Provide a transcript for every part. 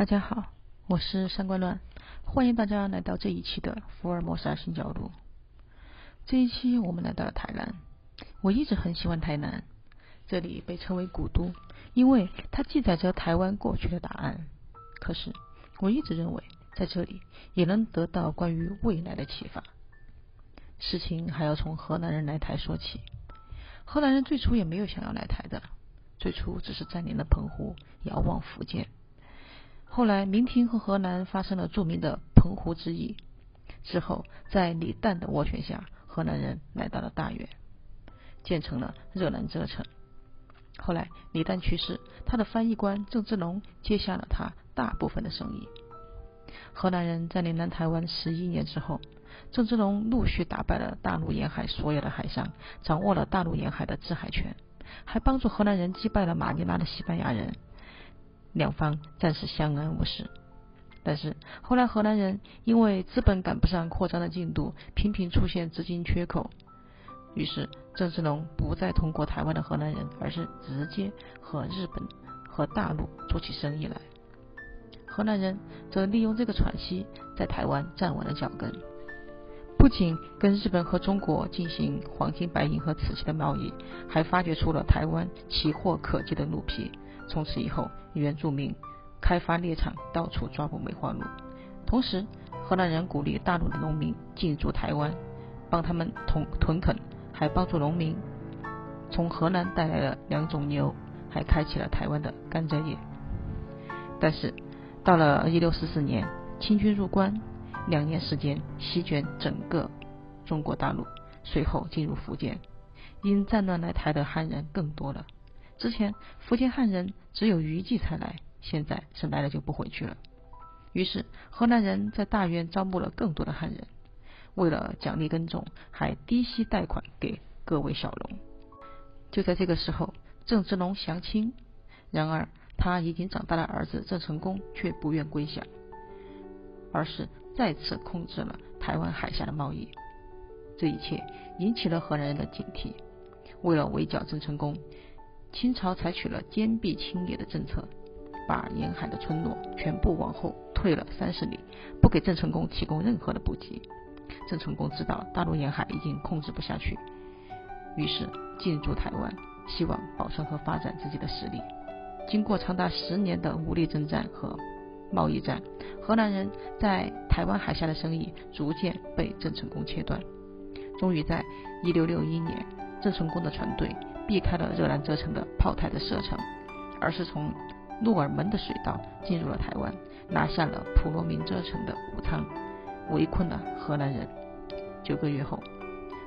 大家好，我是上官亂，歡迎大家來到這一期的《福爾摩沙新角度》。這一期我們來到了台南，我一直很喜歡台南，這裡被稱為古都，因為它記載着台灣過去的答案。可是我一直認為，在這裡也能得到關於未來的啟發。事情還要從荷蘭人來台說起。荷蘭人最初也沒有想要來台的，最初只是佔領了澎湖，遙望福建。後來，明廷和荷蘭發生了著名的澎湖之役。之後，在李旦的斡旋下，荷蘭人來到了大員，建成了熱蘭遮城。後來，李旦去世，他的翻譯官鄭芝龍接下了他大部分的生意。荷蘭人在占領台灣十一年之後，鄭芝龍陸續打敗了大陸沿海所有的海商，掌握了大陸沿海的制海權，還幫助荷蘭人擊敗了馬尼拉的西班牙人。兩方暫時相安無事，但是後來荷蘭人因為資本趕不上擴張的進度，頻頻出現資金缺口，於是鄭芝龍不再通過台灣的荷蘭人，而是直接和日本和大陸做起生意來。荷蘭人則利用這個喘息，在台灣站穩了腳跟，不僅跟日本和中國進行黃金、白銀和瓷器的貿易，還發掘出了台灣奇貨可居的鹿皮。從此以後，原住民開發獵場，到處抓捕梅花鹿。同時，荷蘭人鼓勵大陸的農民進駐台灣，幫他們屯屯墾，還幫助農民從荷蘭帶來了兩種牛，還開啟了台灣的甘蔗業。但是，到了1644年，清軍入關，兩年時間席捲整個中國大陸，隨後進入福建，因戰亂來台的漢人更多了。之前福建漢人只有漁季，才來，現在是來了就不回去了。於是荷蘭人在大員招募了更多的漢人，為了獎勵耕種，還低息貸款給各位小農。就在這個時候，鄭芝龍降清，然而他已經長大的兒子鄭成功卻不願歸降，而是再次控制了台灣海峽的貿易。這一切引起了荷蘭人的警惕，為了圍剿鄭成功。清朝採取了堅壁清野的政策，把沿海的村落，全部往後退了三十里，不給鄭成功提供任何的補給。鄭成功知道大陸沿海已經控制不下去，於是進駐台灣，希望保存和發展自己的實力。經過長達十年的武力征戰和貿易戰，荷蘭人在台灣海峽的生意逐漸被鄭成功切斷。終於在1661年，鄭成功的船隊。避開了熱蘭遮城的炮台的射程，而是從鹿耳門的水道進入了台灣，拿下了普羅民遮城的武昌，圍困了荷蘭人。九個月後，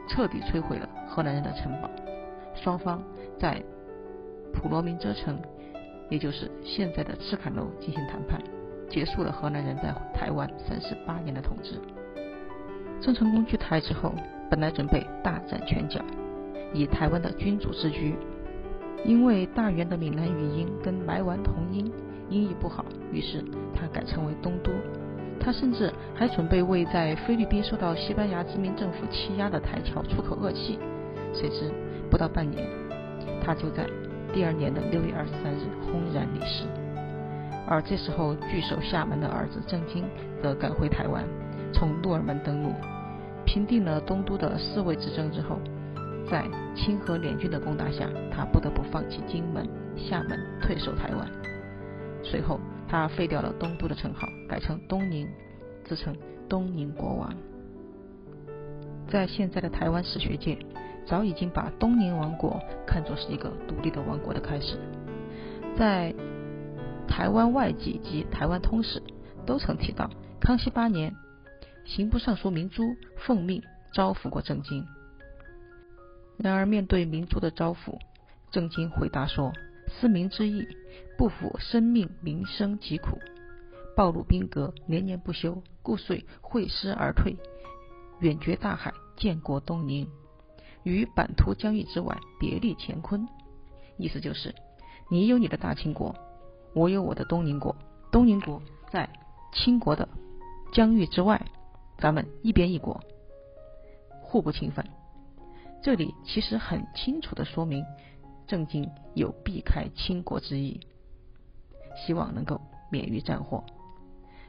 徹底摧毀了荷蘭人的城堡。雙方在普羅民遮城，也就是現在的赤崁樓進行談判，結束了荷蘭人在台灣三十八年的統治。鄭成功去台之後，本來準備大展拳腳，以台灣的君主自居，因為大員的閩南語音跟埋冤同音，音譯不好，於是他改稱為東都。他甚至還準備為在菲律賓受到西班牙殖民政府欺壓的台僑出口惡氣，誰知不到半年，他就在第二年的六月二十三日轟然離世。而這時候，據守廈門的兒子鄭經則趕回台灣，從鹿耳門登陸，平定了東都的嗣位之爭之後。在清荷聯軍的攻打下，他不得不放棄金門、廈門，退守台灣。隨後，他廢掉了東都的稱號，改成東寧，自稱東寧國王。在現在的台灣史學界，早已經把東寧王國看作是一個獨立的王國的開始。在《台灣外記》及《台灣通史》都曾提到，康熙八年，刑部尚書明珠奉命招撫過鄭經。然而，面對明珠的招撫，鄭經回答說：“思明之意，不撫生命、民生、疾苦，暴露兵革，年年不休，故遂會師而退，遠絕大海，建國東寧，於版圖疆域之外，別立乾坤。”意思就是，你有你的大清國，我有我的東寧國。東寧國在清國的疆域之外，咱們一邊一國，互不侵犯。這裡其實很清楚的說明，鄭經有避開清國之意，希望能夠免於戰禍。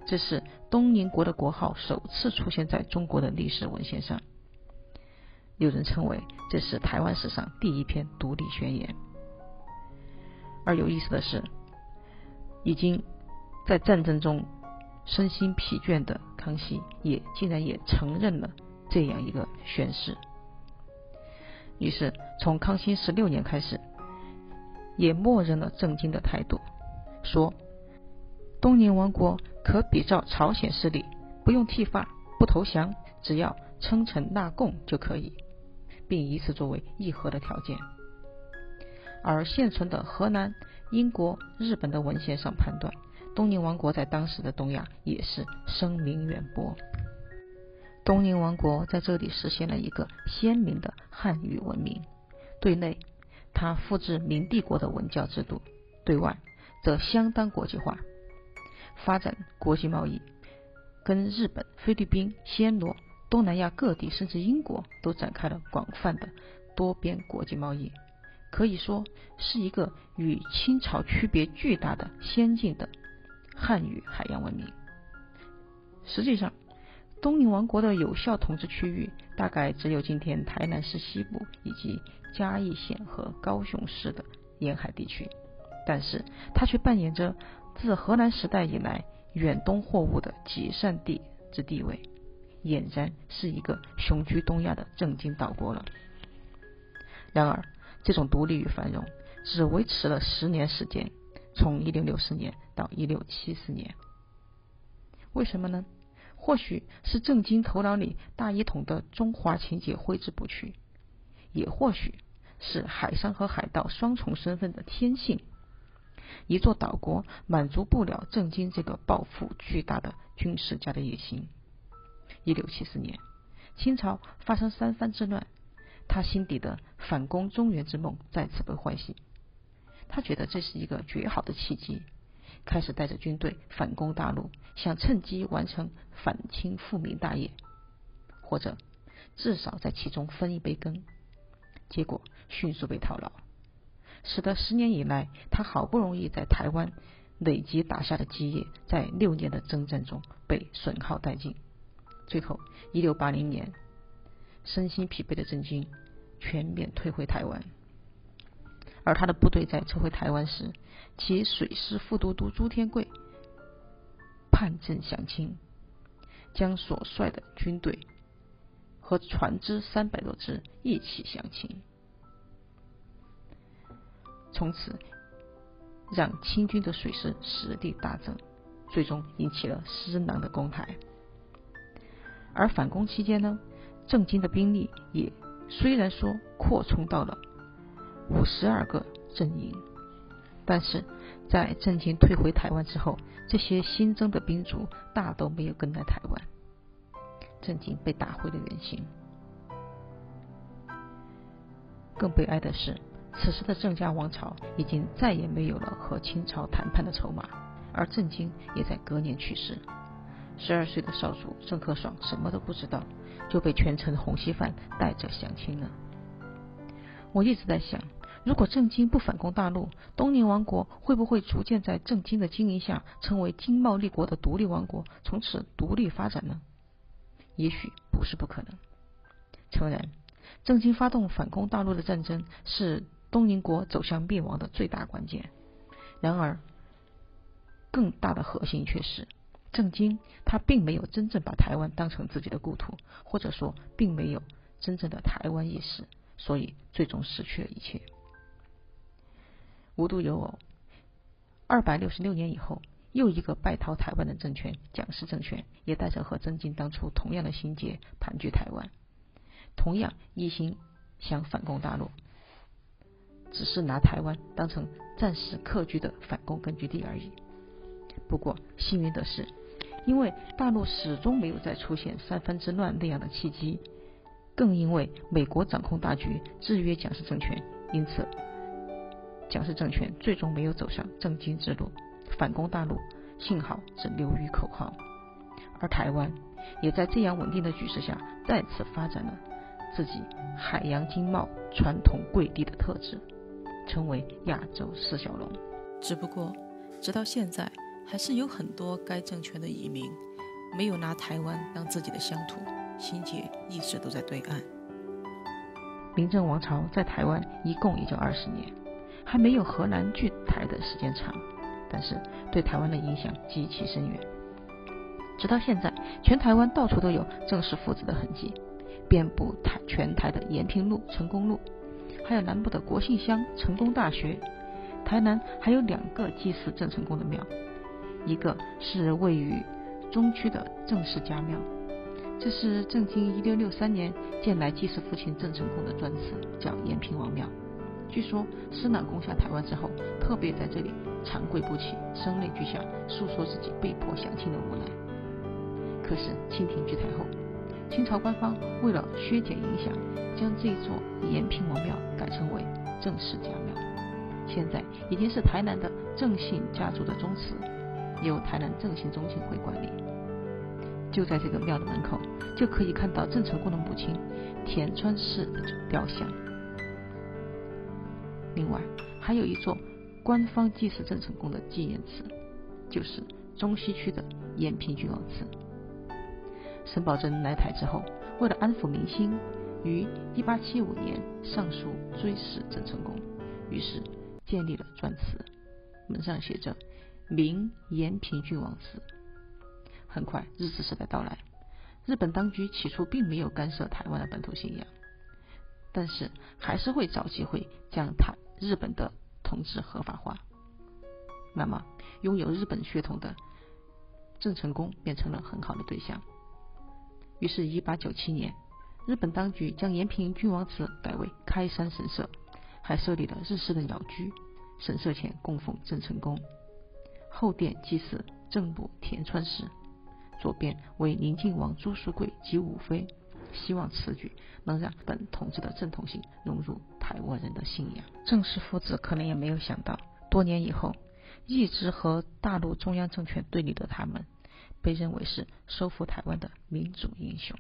這是東寧國的國號首次出現在中國的歷史文獻上，有人稱為這是台灣史上第一篇獨立宣言。而有意思的是，已經在戰爭中身心疲倦的康熙也，也竟然也承認了這樣一個宣誓。於是，從康熙十六年開始，也默認了鄭經的態度，說東寧王國可比照朝鮮勢力，不用剃髮，不投降，只要稱臣納貢就可以，並以此作為議和的條件。而現存的荷蘭、英國、日本的文獻上判斷，東寧王國在當時的東亞也是聲名遠播。東寧王國在這裡實現了一個鮮明的漢語文明。對內，它複製明帝國的文教制度；對外，則相當國際化，發展國際貿易，跟日本、菲律賓、暹羅、東南亞各地，甚至英國都展開了廣泛的多邊國際貿易。可以說，是一個與清朝區別巨大的先進的漢語海洋文明。實際上，東寧王國的有效統治區域大概只有今天台南市西部以及嘉義縣和高雄市的沿海地區，但是它卻扮演着自荷蘭時代以來遠東貨物的集散地之地位，儼然是一個雄踞東亞的正經島國了。然而，這種獨立與繁榮只維持了十年時間，從1664年到1674年。為什麼呢？或許是鄭經頭腦裡大一統的中華情節揮之不去，也或許是海商和海盜雙重身份的天性，一座島國滿足不了鄭經這個抱負巨大的軍事家的野心。一六七四年，清朝發生三藩之亂，他心底的反攻中原之夢再次被喚醒，他覺得這是一個絕好的契機。開始帶着軍隊反攻大陸，想趁機完成反清復明大業，或者至少在其中分一杯羹。結果迅速被套牢，使得十年以來他好不容易在台灣累積打下的基業，在六年的征戰中被損耗殆盡。最後，一六八零年，身心疲憊的鄭經全面退回台灣，而他的部隊在撤回台灣時，其水師副都督朱天貴叛鄭降清，將所率的軍隊和船隻三百多隻一起降清，從此讓清軍的水師實力大增，最終引起了施琅的攻台。而反攻期間呢，鄭經的兵力也雖然說擴充到了五十二個陣營。但是，在鄭經退回台灣之後，這些新增的兵卒大都沒有跟來台灣，鄭經被打回了原形。更悲哀的是，此時的鄭家王朝已經再也沒有了和清朝談判的籌碼，而鄭經也在隔年去世。十二歲的少主鄭克爽什麼都不知道，就被權臣馮錫範帶着降清了。我一直在想。如果鄭經不反攻大陸，東寧王國會不會逐漸在鄭經的經營下成為經貿立國的獨立王國，從此獨立發展呢？也許不是不可能。誠然，鄭經發動反攻大陸的戰爭是東寧國走向滅亡的最大關鍵。然而，更大的核心卻是，鄭經他並沒有真正把台灣當成自己的故土，或者說並沒有真正的台灣意識，所以最終失去了一切。無獨有偶，二百六十六年以後，又一個敗逃台灣的政權——蔣氏政權，也帶着和鄭經當初同樣的心結，盤踞台灣，同樣一心想反攻大陸，只是拿台灣當成暫時客居的反攻根據地而已。不過幸運的是，因為大陸始終沒有再出現三藩之亂那樣的契機，更因為美國掌控大局，制約蔣氏政權，因此，蔣氏政權最終沒有走上正經之路，反攻大陸，幸好只流於口號。而台灣也在這樣穩定的局勢下，再次發展了自己海洋經貿傳統貴地的特質，成為亞洲四小龍。只不過，直到現在，還是有很多該政權的移民沒有拿台灣當自己的鄉土，心結一直都在對岸。明鄭王朝在台灣一共也就二十年。還沒有荷蘭據台的時間長，但是對台灣的影響極其深遠。直到現在，全台灣到處都有鄭氏父子的痕跡，遍佈台全台的延平路、成功路，還有南部的國姓鄉、成功大學，台南還有兩個祭祀鄭成功的廟，一個是位於中區的鄭氏家廟，這是鄭經1663年建來祭祀父親鄭成功的專祠，叫延平王廟。據說，施琅攻下台灣之後，特別在這裡長跪不起，聲淚俱下，訴說自己被迫降清的無奈。可是，清廷據台後，清朝官方為了削減影響，將這座延平王廟改稱為鄭氏家廟。現在，已經是台南的鄭姓家族的宗祠，由台南鄭姓宗親會管理。就在這個廟的門口，就可以看到鄭成功的母親田川氏的雕像。另外，還有一座官方祭祀鄭成功的紀念祠，就是中西區的延平郡王祠。沈葆楨來台之後，為了安撫民心，於一八七五年上書追諡鄭成功，於是建立了專祠，門上寫着“明延平郡王祠”。很快，日治時代到來，日本當局起初並沒有干涉台灣的本土信仰，但是還是會找機會將台，日本的統治合法化，那麼擁有日本血統的鄭成功變成了很好的對象。於是，一八九七年，日本當局將延平郡王祠改為開山神社，還設立了日式的鳥居，神社前供奉鄭成功，後殿祭祀正部田川氏，左邊為寧靖王朱術桂及五妃，希望此舉能讓日本統治的正統性融入台灣人的信仰。鄭氏父子可能也沒有想到，多年以後，一直和大陸中央政權對立的他們，被認為是收復台灣的民族英雄。